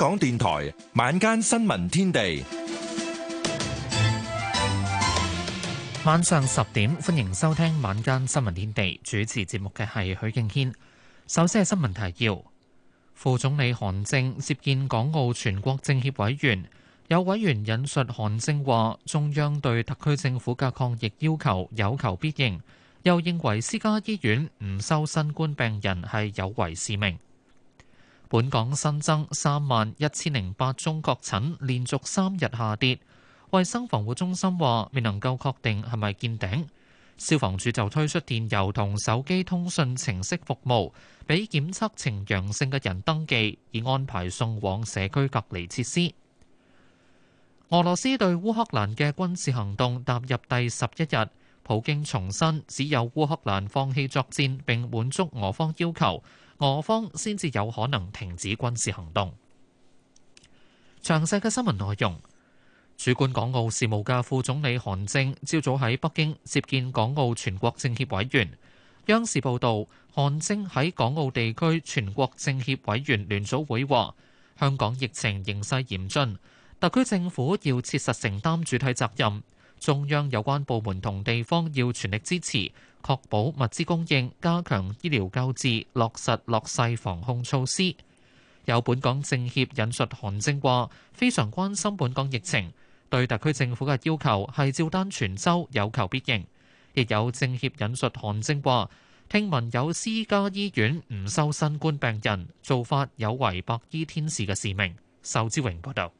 港電台晚間新聞天地，晚上十點歡迎收聽晚間新聞天地。主持節目嘅係許敬軒。首先係新聞提要：副總理韓正接見港澳全國政協委員，有委員引述韓正話，中央對特區政府嘅抗疫要求有求必應，又認為私家醫院唔收新冠病人係有違使命。本港新增三萬一千零八宗確診，連續三日下跌。衛生防護中心話未能夠確定係咪見頂。消防署就推出電郵同手機通訊程式服務，俾檢測呈陽性嘅人登記，以安排送往社區隔離設施。俄羅斯對烏克蘭嘅軍事行動踏入第十一日，普京重申只有烏克蘭放棄作戰並滿足俄方要求，俄方先至有可能停止軍事行動。詳細嘅新聞內容，主管港澳事務嘅副總理韓正朝早喺北京接見港澳全國政協委員。央視報道，韓正喺港澳地區全國政協委員聯組會話：香港疫情形勢嚴峻，特區政府要切實承擔主體責任，中央有關部門同地方要全力支持。確保物資供應，加強醫療救治，落實落細防控措施。有本港政協引述韓正話：非常關心本港疫情，對特區政府嘅要求係照單全收，有求必應。亦有政協引述韓正話：聽聞有私家醫院唔收新冠病人，做法有違白衣天使嘅使命。仇志榮報道。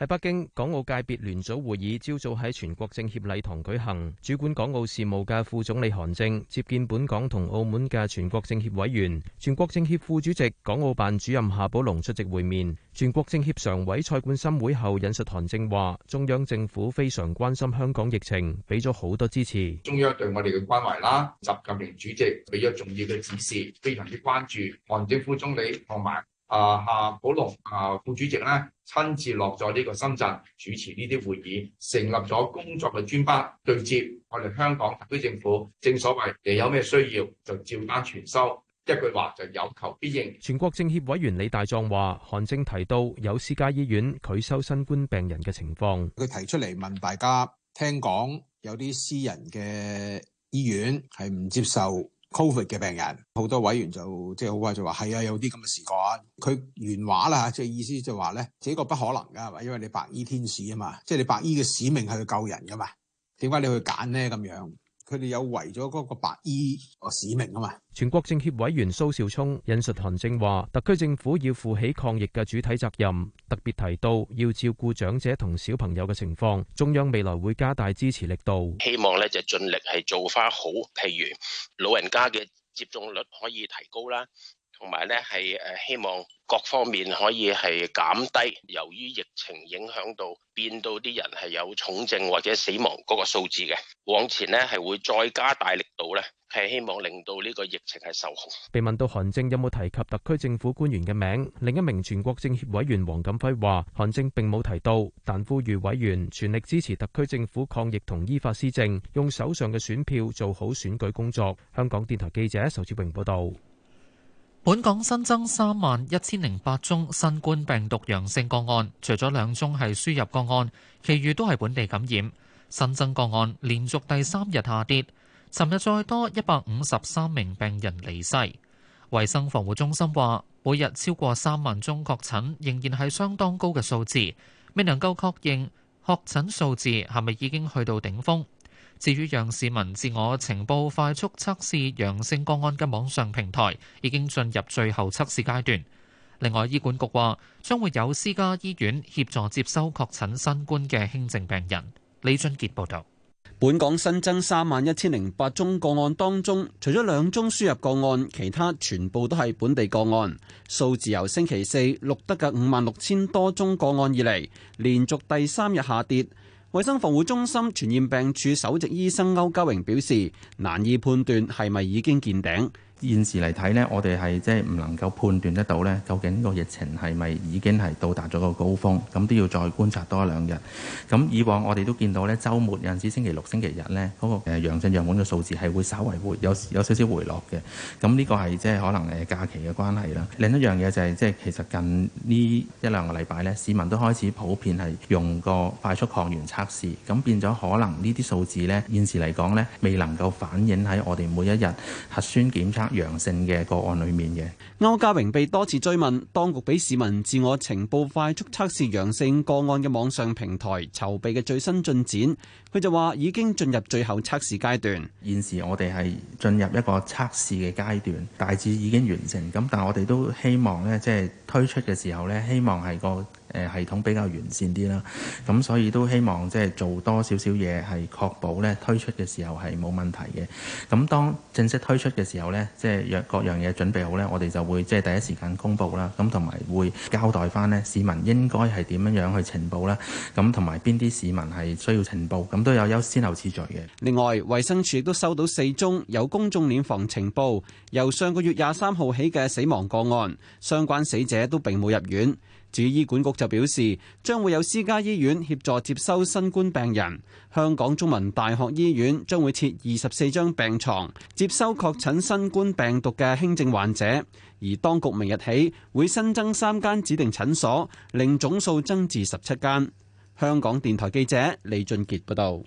喺北京港澳界別聯組會議朝早喺全國政協禮堂舉行，主管港澳事務嘅副總理韓正接見本港同澳門嘅全國政協委員，全國政協副主席、港澳辦主任夏寶龍出席會面。全國政協常委蔡冠深會後引述韓正話，中央政府非常關心香港疫情，俾咗好多支持。中央對我哋嘅關懷啦，習近平主席俾咗重要嘅指示，非常之關注。韓正副總理同埋。啊，夏寶龍啊，副主席咧，親自落咗呢個深圳主持呢啲會議，成立咗工作嘅專班對接我哋香港特區政府。正所謂你有咩需要，就照單全收。一句話就有求必應。全國政協委員李大壯話，韓正提到有私家醫院拒收新冠病人嘅情況，佢提出嚟問大家，聽講有啲私人嘅醫院係唔接受 Covid 嘅病人，好多委員就即係好快就話係啊，有啲咁嘅事個。佢原話啦，即係意思就話咧，這個不可能噶係嘛，因為你白衣天使啊嘛，即係你白衣嘅使命係去救人噶嘛，點解你去揀咧咁樣？佢哋有違咗嗰個白衣嘅使命啊嘛！全國政協委員蘇少聰引述韓正話，特區政府要負起抗疫嘅主體責任，特別提到要照顧長者同小朋友嘅情況。中央未來會加大支持力度，希望咧就盡力係做返好，譬如老人家嘅接種率可以提高啦。同埋呢，係誒希望各方面可以係減低，由於疫情影響到變到啲人係有重症或者死亡嗰個數字嘅。往前呢係會再加大力度呢，係希望令到呢個疫情係受控。被問到韓正有冇提及特區政府官員嘅名，另一名全國政協委員黃錦輝話：韓正並冇提到，但呼籲委員全力支持特區政府抗疫同依法施政，用手上嘅選票做好選舉工作。香港電台記者仇志榮報導。本港新增三萬一千零八宗新冠病毒陽性個案，除咗兩宗係輸入個案，其餘都係本地感染。新增個案連續第三日下跌，尋日再多一百五十三名病人離世。衛生防護中心話，每日超過三萬宗確診仍然係相當高嘅數字，未能夠確認確診數字係咪已經去到頂峰。至於讓市民自我呈報快速測試陽性個案嘅網上平台，已經進入最後測試階段。另外，醫管局話將會有私家醫院協助接收確診新冠嘅輕症病人。李俊傑報導。本港新增三萬一千零八宗個案，當中除咗兩宗輸入個案，其他全部都係本地個案。數字由星期四錄得嘅五萬六千多宗個案以嚟，連續第三日下跌。衛生防護中心傳染病處首席醫生歐家榮表示，難以判斷係咪已經見頂。現時嚟睇咧，我哋係即係唔能夠判斷得到咧，究竟個疫情係咪已經係到達咗個高峰？咁都要再觀察多一兩日。咁以往我哋都見到呢，週末有陣時星期六、星期日呢嗰、嗰個誒陽性樣本嘅數字係會稍為會有有，有少少回落嘅。咁呢個係即係可能誒假期嘅關係啦。另一樣嘢就係、係、即係其實近呢一兩個禮拜呢，市民都開始普遍係用個快速抗原測試，咁變咗可能呢啲數字呢，現時嚟講呢，未能夠反映喺我哋每一日核酸檢測陽性嘅個案裏面嘅歐家榮被多次追問，當局俾市民自我情報快速測試陽性個案嘅網上平台籌備嘅最新進展，佢就話已經進入最後測試階段。現時我哋係進入一個測試嘅階段，大致已經完成。咁，但係我哋都希望咧，即係推出嘅時候咧，希望係個。誒系統比較完善啲啦，咁所以都希望即係做多少少嘢，係確保咧推出嘅時候係冇問題嘅。咁當正式推出嘅時候呢，即係若各樣嘢準備好呢，我哋就會即係第一時間公佈啦。咁同埋會交代翻呢市民應該係點樣樣去呈報啦。咁同埋邊啲市民係需要呈報，咁都有優先後次序嘅。另外，衛生署都收到四宗有公眾殮房呈報，由上個月廿三號起嘅死亡個案，相關死者都並冇入院。至於醫管局就表示，將會有私家醫院協助接收新冠病人。香港中文大學醫院將會設二十四張病床，接收確診新冠病毒嘅輕症患者。而當局明日起會新增三間指定診所，令總數增至十七間。香港電台記者李俊傑報道。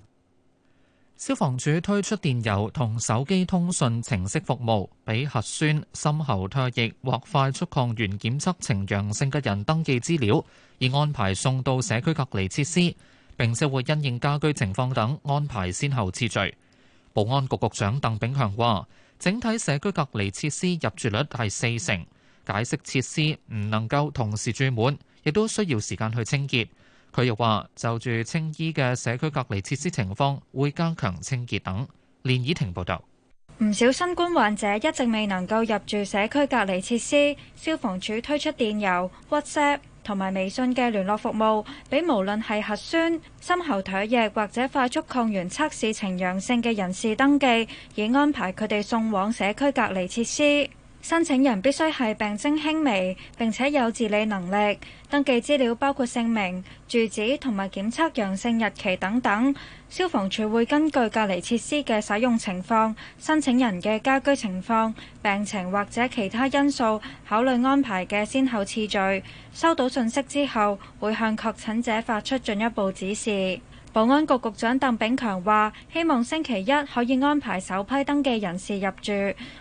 消防處推出電郵同手機通訊程式服務，俾核酸、深喉唾液或快速抗原檢測呈陽性嘅人登記資料，以安排送到社區隔離設施，並且會因應家居情況等安排先後次序。保安局局長鄧炳強話，整體社區隔離設施入住率係四成，解釋設施唔能夠同時注滿，亦都需要時間去清潔。佢又話：就住青衣嘅社區隔離設施情況，會加強清潔等。連綺婷報道。唔少新冠患者一直未能夠入住社區隔離設施，消防處推出電郵、WhatsApp 同埋微信嘅聯絡服務，俾無論係核酸、深喉唾液或者快速抗原測試呈陽性嘅人士登記，以安排佢哋送往社區隔離設施。申請人必須係病徵輕微，並且有自理能力。登記資料包括姓名、住址同埋檢測陽性日期等等。消防處會根據隔離設施嘅使用情況、申請人嘅家居情況、病情或者其他因素考慮安排嘅先後次序。收到信息之後，會向確診者發出進一步指示。保安局局長鄧炳強話，希望星期一可以安排首批登記人士入住。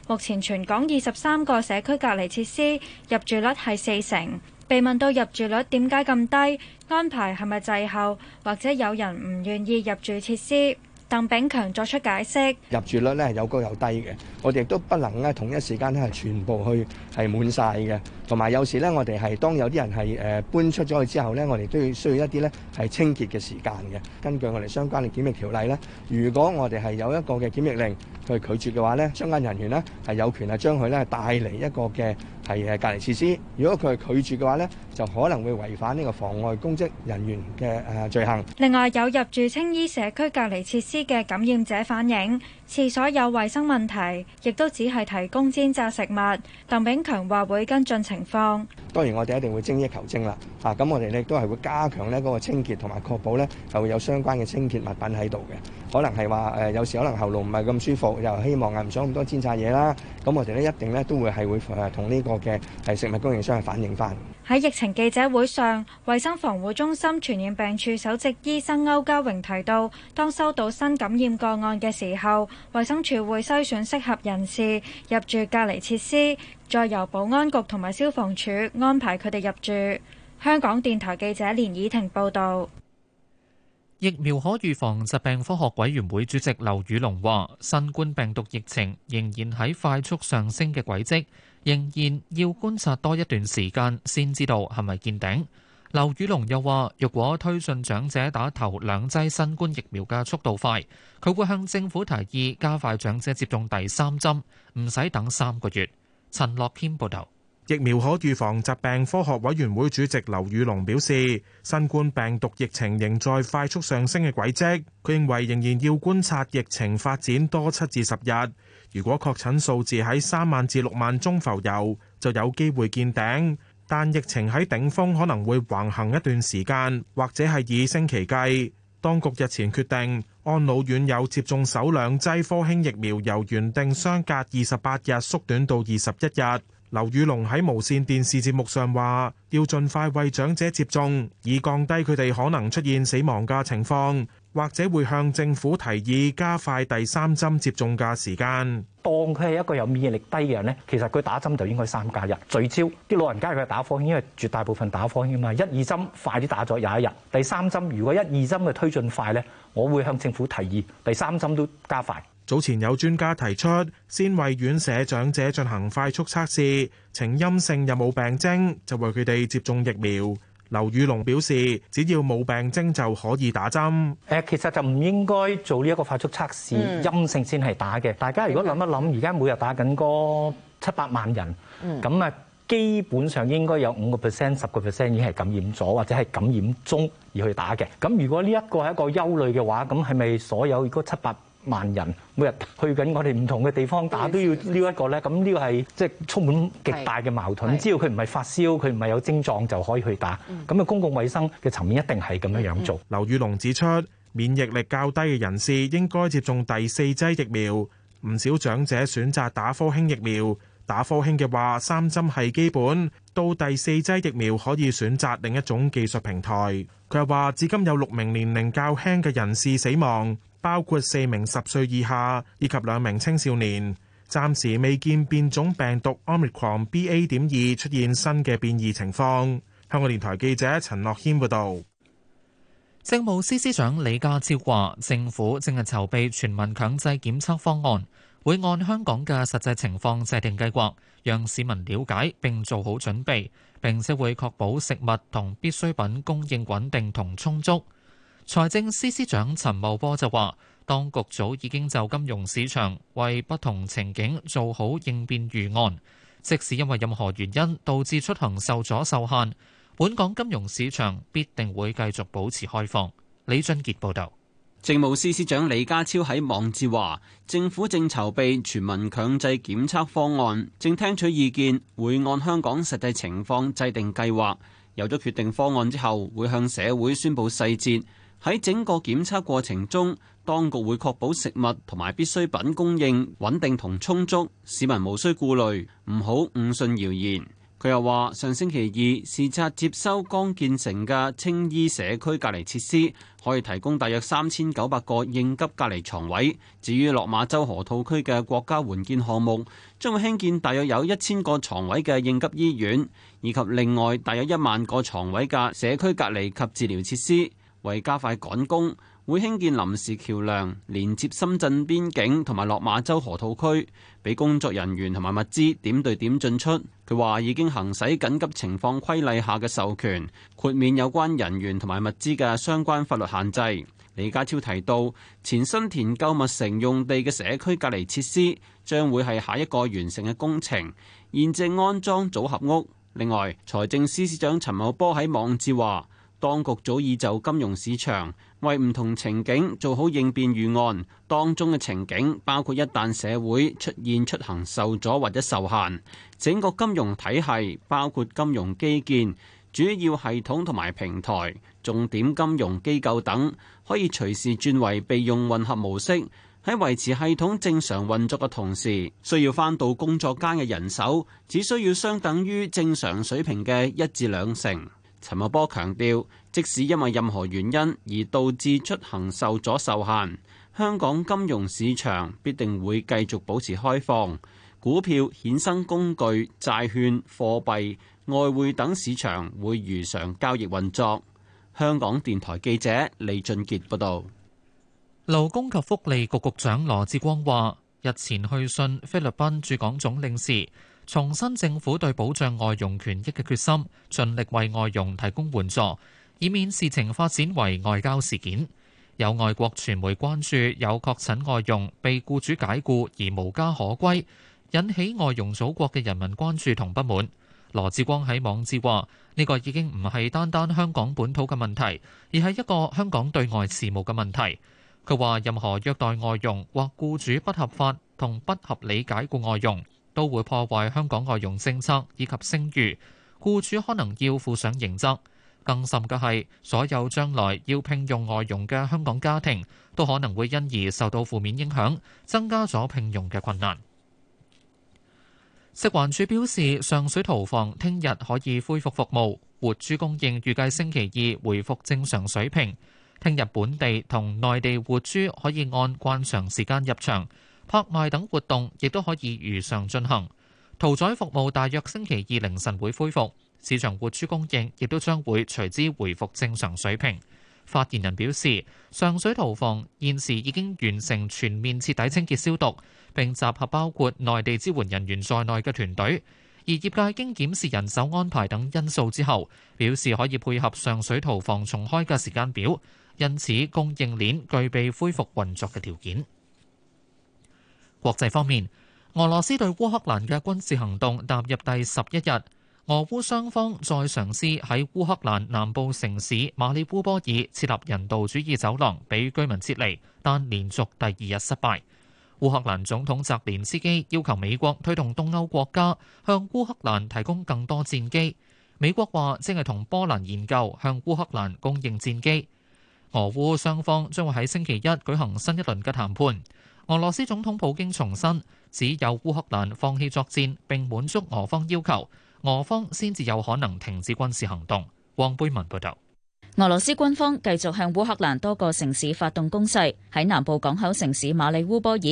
目前全港二十三個社區隔離設施入住率係四成。被問到入住率點解咁低，安排係咪滯後，或者有人唔願意入住設施，鄧炳強作出解釋：入住率呢係有高有低嘅，我哋亦都不能咧同一時間呢係全部去，係滿晒嘅。同埋有時咧，我哋係當有啲人係誒搬出咗去之後咧，我哋都要需要一啲咧係清潔嘅時間嘅。根據我哋相關嘅檢疫條例咧，如果我哋係有一個嘅檢疫令佢拒絕嘅話咧，相關人員呢係有權係將佢咧帶嚟一個嘅係誒隔離設施。如果佢係拒絕嘅話咧，就可能會違反呢個妨礙公職人員嘅誒罪行。另外，有入住青衣社區隔離設施嘅感染者反映廁所有衞生問題，亦都只係提供煎炸食物。鄧炳強話會跟進情況。當然我哋一定會精益求精啦。啊，咁我哋亦都係會加強呢嗰個清潔同埋確保呢，係會有相關嘅清潔物品喺度嘅。可能係話誒有時可能喉嚨唔係咁舒服，又希望啊唔想咁多煎炸嘢啦。咁我哋呢一定呢都會係會誒同呢個嘅係食物供應商反映翻。喺疫情記者會上，衞生防護中心傳染病處首席醫生歐家榮提到，當收到新感染個案嘅時候。衛生署會篩選適合人士入住隔離設施，再由保安局同埋消防署安排佢哋入住。香港電台記者連以婷報道。疫苗可預防疾病科學委員會主席劉宇龍話，新冠病毒疫情仍然喺快速上升嘅軌跡，仍然要觀察多一段時間先知道係咪見頂。劉宇龍又話，若果推進長者打頭兩劑新冠疫苗嘅速度快，佢會向政府提議加快長者接種第三針，唔使等三個月。陳樂謙報道。疫苗可預防疾病科學委員會主席劉宇龍表示，新冠病毒疫情仍在快速上升嘅軌跡，佢認為仍然要觀察疫情發展多七至十日。如果確診數字喺三萬至六萬宗浮游，就有機會見頂。但疫情喺頂峰可能會橫行一段時間，或者係以星期計，當局日前決定，安老院有接種首兩劑科興疫苗，由原定相隔二十八日縮短到二十一日。劉宇隆喺無線電視節目上話，要盡快為長者接種，以降低佢哋可能出現死亡嘅情況，或者會向政府提議加快第三針接種嘅時間。當佢係一個有免疫力低嘅人咧，其實佢打針就應該三加一。聚焦啲老人家，佢打科興，因為絕大部分打科興啊嘛，一二針快啲打咗廿一日，第三針如果一二針嘅推進快咧，我會向政府提議第三針都加快。早前有專家提出，先為院舍長者進行快速測試，呈陰性又冇病徵，就為佢哋接種疫苗。劉宇龍表示，只要冇病徵就可以打針。誒，其實就唔應該做呢一個快速測試，陰性先係打嘅。大家如果諗一諗，而家每日打緊嗰七百萬人，咁啊，基本上應該有五個 percent、十個 percent 已經係感染咗或者係感染中而去打嘅。咁如果呢一個係一個憂慮嘅話，咁係咪所有嗰七百萬人每日去緊我哋唔同嘅地方打都要撈一個呢。咁呢個係即係充滿極大嘅矛盾。只要佢唔係發燒，佢唔係有症狀就可以去打。咁啊，公共衞生嘅層面一定係咁樣樣做。劉宇龍指出，免疫力較低嘅人士應該接種第四劑疫苗。唔少長者選擇打科興疫苗，打科興嘅話，三針係基本，到第四劑疫苗可以選擇另一種技術平台。佢又話，至今有六名年齡較輕嘅人士死亡。包括四名十歲以下，以及兩名青少年，暫時未見變種病毒 Omicron BA 點二出現新嘅變異情況。香港電台記者陳樂謙報道。政務司司長李家超話，政府正係籌備全民強制檢測方案，會按香港嘅實際情況制定計劃，讓市民了解並做好準備，並且會確保食物同必需品供應穩定同充足。財政司司長陳茂波就話：當局早已經就金融市場為不同情景做好應變預案，即使因為任何原因導致出行受阻受限，本港金融市場必定會繼續保持開放。李俊傑報導。政務司司長李家超喺網誌話：政府正籌備全民強制檢測方案，正聽取意見，會按香港實際情況制定計劃。有咗決定方案之後，會向社會宣布細節。喺整個檢測過程中，當局會確保食物同埋必需品供應穩定同充足，市民無需顧慮，唔好誤信謠言。佢又話：上星期二，視察接收剛建成嘅青衣社區隔離設施，可以提供大約三千九百個應急隔離床位。至於落馬洲河套區嘅國家援建項目，將會興建大約有一千個床位嘅應急醫院，以及另外大約一萬個床位嘅社區隔離及治療設施。為加快趕工，會興建臨時橋梁，連接深圳邊境同埋落馬洲河套區，俾工作人員同埋物資點對點進出。佢話已經行使緊急情況規例下嘅授權，豁免有關人員同埋物資嘅相關法律限制。李家超提到，前新田購物城用地嘅社區隔離設施將會係下一個完成嘅工程，現正安裝組合屋。另外，財政司司長陳茂波喺網志話。當局早已就金融市場為唔同情景做好應變預案，當中嘅情景包括一旦社會出現出行受阻或者受限，整個金融體系包括金融基建、主要系統同埋平台、重點金融機構等，可以隨時轉為備用混合模式，喺維持系統正常運作嘅同時，需要返到工作間嘅人手只需要相等於正常水平嘅一至兩成。陳茂波強調，即使因為任何原因而導致出行受阻受限，香港金融市場必定會繼續保持開放，股票、衍生工具、債券、貨幣、外匯等市場會如常交易運作。香港電台記者李俊杰報道。勞工及福利局局長羅志光話，日前去信菲律賓駐港總領事。重申政府對保障外傭權益嘅決心，盡力為外傭提供援助，以免事情發展為外交事件。有外國傳媒關注有確診外傭被雇主解雇而無家可歸，引起外傭祖國嘅人民關注同不滿。羅致光喺網誌話，呢個已經唔係單單香港本土嘅問題，而係一個香港對外事務嘅問題，佢話任何虐待外傭或雇主不合法同不合理解雇外傭，都會破壞香港外傭政策以及聲譽，僱主可能要負上刑責。更甚嘅係，所有將來要聘用外傭嘅香港家庭都可能會因而受到負面影響，增加咗聘用嘅困難。食環署表示，上水屠房聽日可以恢復服務，活豬供應預計星期二回復正常水平。聽日本地同內地活豬可以按慣常時間入場。拍賣等活動亦都可以如常進行。屠宰服務大約星期二凌晨會恢復，市場活豬供應亦都將會隨之回復正常水平。發言人表示，上水屠房現時已經完成全面徹底清潔消毒，並集合包括內地支援人員在內嘅團隊。而業界經檢視人手安排等因素之後，表示可以配合上水屠房重開嘅時間表，因此供應鏈具備恢復運作嘅條件。國際方面，俄羅斯對烏克蘭嘅軍事行動踏入第十一日。俄烏雙方再嘗試喺烏克蘭南部城市馬里烏波爾設立人道主義走廊，俾居民撤離，但連續第二日失敗。烏克蘭總統澤連斯基要求美國推動東歐國家向烏克蘭提供更多戰機。美國話正係同波蘭研究向烏克蘭供應戰機。俄烏雙方將會喺星期一舉行新一輪嘅談判。俄羅斯總統普京重申，只有烏克蘭放棄作戰並滿足俄方要求，俄方先至有可能停止軍事行動。旺貝文報道，俄羅斯軍方繼續向烏克蘭多個城市發動攻勢。喺南部港口城市馬里烏波爾，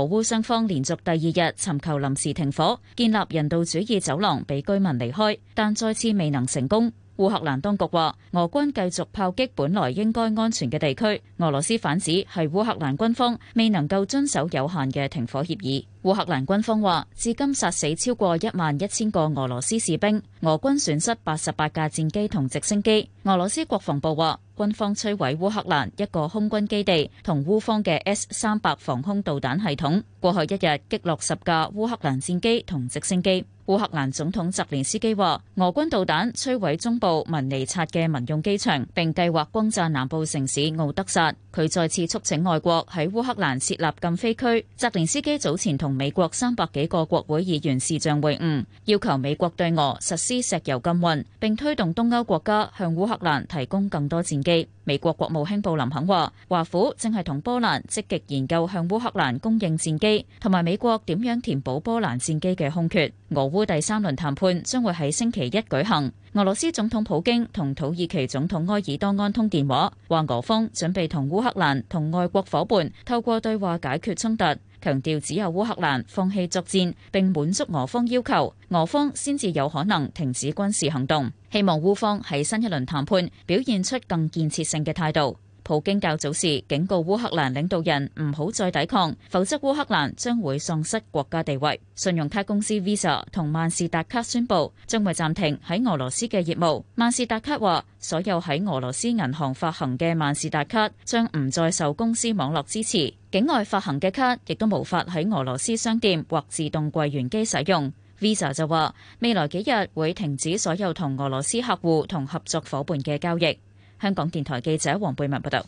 俄烏雙方連續第二日尋求臨時停火，建立人道主義走廊，俾居民離開，但再次未能成功。烏克蘭當局話，俄軍繼續炮擊本來應該安全嘅地區。俄羅斯反指係烏克蘭軍方未能夠遵守有限嘅停火協議。烏克蘭軍方話，至今殺死超過一萬一千個俄羅斯士兵，俄軍損失八十八架戰機同直升機。俄羅斯國防部話。軍方摧毀烏克蘭一個空軍基地同烏方嘅 S 三百防空導彈系統，過去一日擊落十架烏克蘭戰機同直升機。烏克蘭總統澤連斯基話：俄軍導彈摧毀中部文尼察嘅民用機場，並計劃轟炸南部城市敖德薩。佢再次促請外國喺烏克蘭設立禁飛區。澤連斯基早前同美國三百幾個國會議員視像會晤，要求美國對俄實施石油禁運，並推動東歐國家向烏克蘭提供更多戰。美國國務卿布林肯話，華府正係同波蘭積極研究向烏克蘭供應戰機，同埋美國點樣填補波蘭戰機嘅空缺。俄烏第三輪談判將會喺星期一舉行。俄羅斯總統普京同土耳其總統埃爾多安通電話，話俄方準備同烏克蘭同外國伙伴透過對話解決衝突。強調只有烏克蘭放棄作戰，並滿足俄方要求，俄方先至有可能停止軍事行動。希望烏方喺新一輪談判表現出更建設性嘅態度。普京較早時警告烏克蘭領導人唔好再抵抗，否則烏克蘭將會喪失國家地位。信用卡公司 Visa 同萬事達卡宣布將會暫停喺俄羅斯嘅業務。萬事達卡話：所有喺俄羅斯銀行發行嘅萬事達卡將唔再受公司網絡支持，境外發行嘅卡亦都無法喺俄羅斯商店或自動櫃員機使用。Visa 就話未來幾日會停止所有同俄羅斯客戶同合作伙伴嘅交易。香港電台記者黃貝文報道。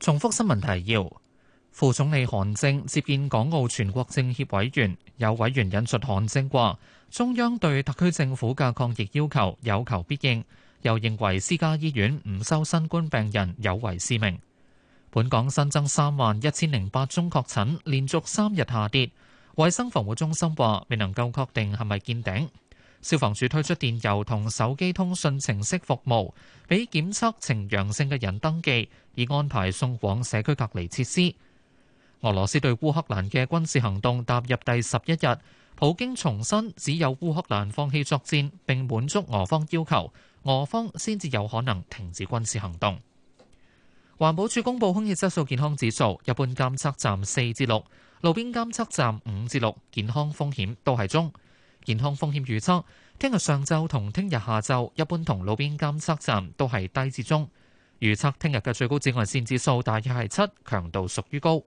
重複新聞提要。副總理韓正接見港澳全國政協委員，有委員引述韓正話，中央對特區政府嘅抗疫要求有求必應，又認為私家醫院唔收新冠病人有違使命。本港新增三萬一千零八宗確診，連續三日下跌。衛生防護中心話未能夠確定係咪見頂。消防處推出電郵同手機通訊程式服務，俾檢測呈陽性嘅人登記，以安排送往社區隔離設施。俄羅斯對烏克蘭嘅軍事行動踏入第十一日，普京重申，只有烏克蘭放棄作戰並滿足俄方要求，俄方先至有可能停止軍事行動。環保署公布空氣質素健康指數，一般監測站四至六，路邊監測站五至六，健康風險都係中。健康風險預測：聽日上晝同聽日下晝，一般同路邊監測站都係低至中。預測聽日嘅最高紫外線指數大約係七，強度屬於高。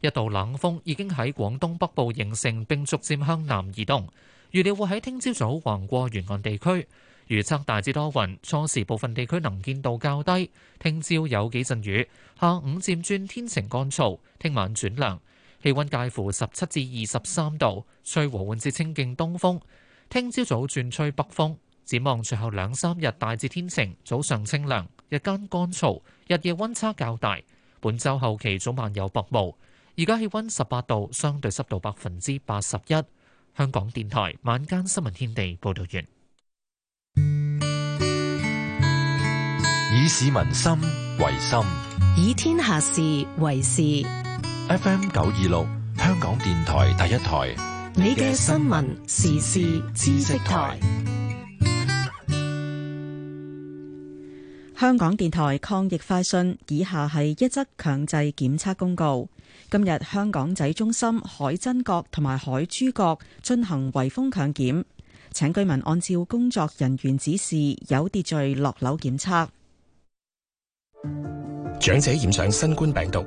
一度冷風已經喺廣東北部形成，並逐漸向，向南移動，預料會喺聽朝早橫過沿岸地區。預測大致多雲，初時部分地區能見度較低，聽朝有幾陣雨，下午漸轉天晴乾燥，聽晚轉涼。氣溫介乎十七至二十三度，吹和緩至清勁東風。聽朝早轉吹北風，展望隨後兩三日大致天晴，早上清涼，日間乾燥，日夜溫差較大。本周後期早晚有薄霧。而家氣溫十八度，相對濕度百分之八十一。香港電台晚間新聞天地報道完。以市民心為心，以天下事為事。FM 九二六，香港電台第一台。你嘅新聞、時事、知識台。香港電台抗疫快訊，以下係一則強制檢測公告。今日香港仔中心海珍閣同埋海珠閣進行圍封強檢，請居民按照工作人員指示有秩序落樓檢測。長者染上新冠病毒，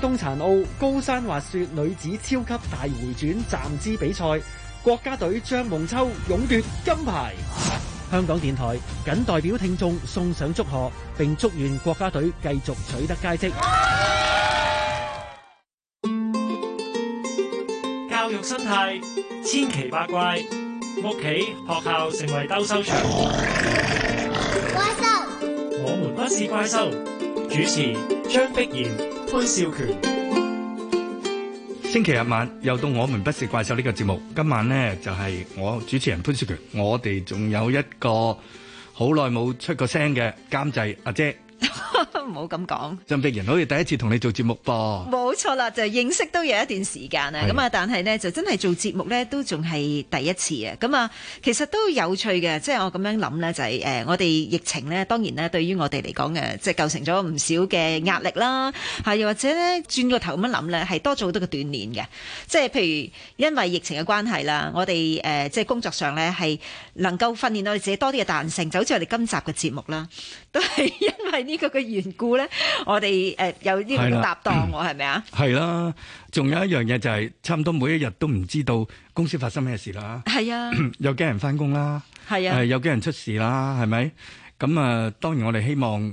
冬殘奧高山滑雪女子超級大回轉站姿比賽，國家隊張夢秋勇奪金牌。香港電台謹代表聽眾送上祝賀，並祝願國家隊繼續取得佳績。啊、教育生態千奇百怪，屋企、學校成為鬥獸場。怪獸，我們不是怪獸。主持張碧然。潘少權，星期日晚又到我們不是怪獸呢、這個節目，今晚呢，就係、是、我主持人潘少權，我哋仲有一個好耐冇出過聲嘅監製阿姐。唔 好咁講，任碧瑩好似第一次同你做節目噃？冇錯啦，就認識都有一段時間啦。咁啊的，但係呢，就真係做節目呢，都仲係第一次啊。咁啊，其實都有趣嘅，即係我咁樣諗呢，就係、是、誒，就是、我哋疫情呢，當然呢，對於我哋嚟講嘅，即係構成咗唔少嘅壓力啦。吓，又或者呢，轉個頭咁樣諗呢，係多咗好多嘅鍛煉嘅。即係譬如因為疫情嘅關係啦，我哋誒即係工作上呢，係能夠訓練到你自己多啲嘅彈性，就好似我哋今集嘅節目啦，都係因為呢、這個嘅。緣故咧，我哋誒有呢種搭檔，我係咪啊？係啦，仲有一樣嘢就係，差唔多每一日都唔知道公司發生咩事啦。係啊，有幾人翻工啦。係啊，有幾人出事啦，係咪？咁啊，當然我哋希望。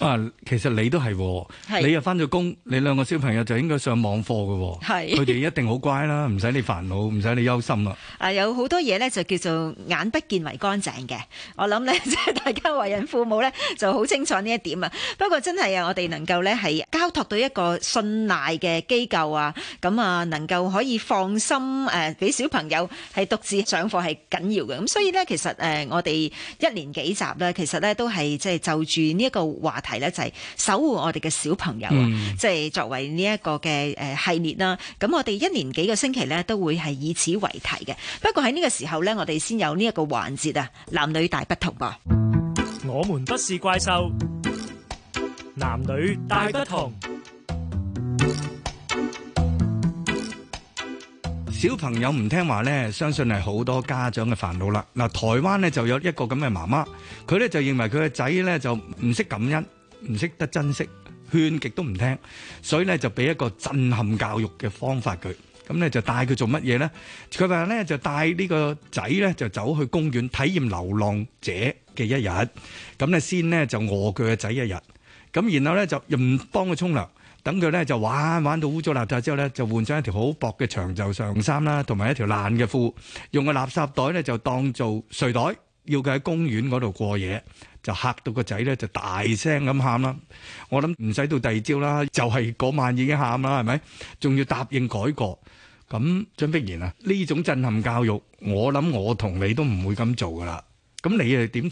啊，其實你都係、哦是，你又翻咗工，你兩個小朋友就應該上網課嘅，哦，佢哋是一定好乖啦，唔使你煩惱，唔使你憂心啊啊，有好多嘢咧就叫做眼不見為乾淨嘅，我諗咧即係大家為人父母咧就好清楚呢一點啊。不過真係啊，我哋能夠咧係交託到一個信賴嘅機構啊，咁啊能夠可以放心誒俾、啊、小朋友係獨自上課係緊要嘅。咁、啊、所以咧其實誒我哋一年幾集咧，其實咧、啊、都係即係就住呢一個話題。係咧，就係守護我哋嘅小朋友啊！即係、嗯、作為呢一個嘅誒系列啦。咁我哋一年幾個星期咧，都會係以此為題嘅。不過喺呢個時候咧，我哋先有呢一個環節啊，男女大不同噃。我們不是怪獸，男女大不同。不不同小朋友唔聽話咧，相信係好多家長嘅煩惱啦。嗱，台灣呢就有一個咁嘅媽媽，佢咧就認為佢嘅仔咧就唔識感恩。唔識得珍惜，勸極都唔聽，所以咧就俾一個震撼教育嘅方法佢，咁咧就帶佢做乜嘢咧？佢話咧就帶呢個仔咧就走去公園體驗流浪者嘅一日，咁咧先咧就餓佢嘅仔一日，咁然後咧就唔幫佢沖涼，等佢咧就玩玩到污糟邋遢之後咧就換上一條好薄嘅長袖上衫啦，同埋一條爛嘅褲，用個垃圾袋咧就當做睡袋。要佢喺公園度過夜，就嚇到個仔咧，就大聲咁喊啦。我諗唔使到第二朝啦，就係嗰晚已經喊啦，係咪？仲要答應改過，咁張碧然啊，呢種震撼教育，我諗我同你都唔會咁做噶啦。咁你又點？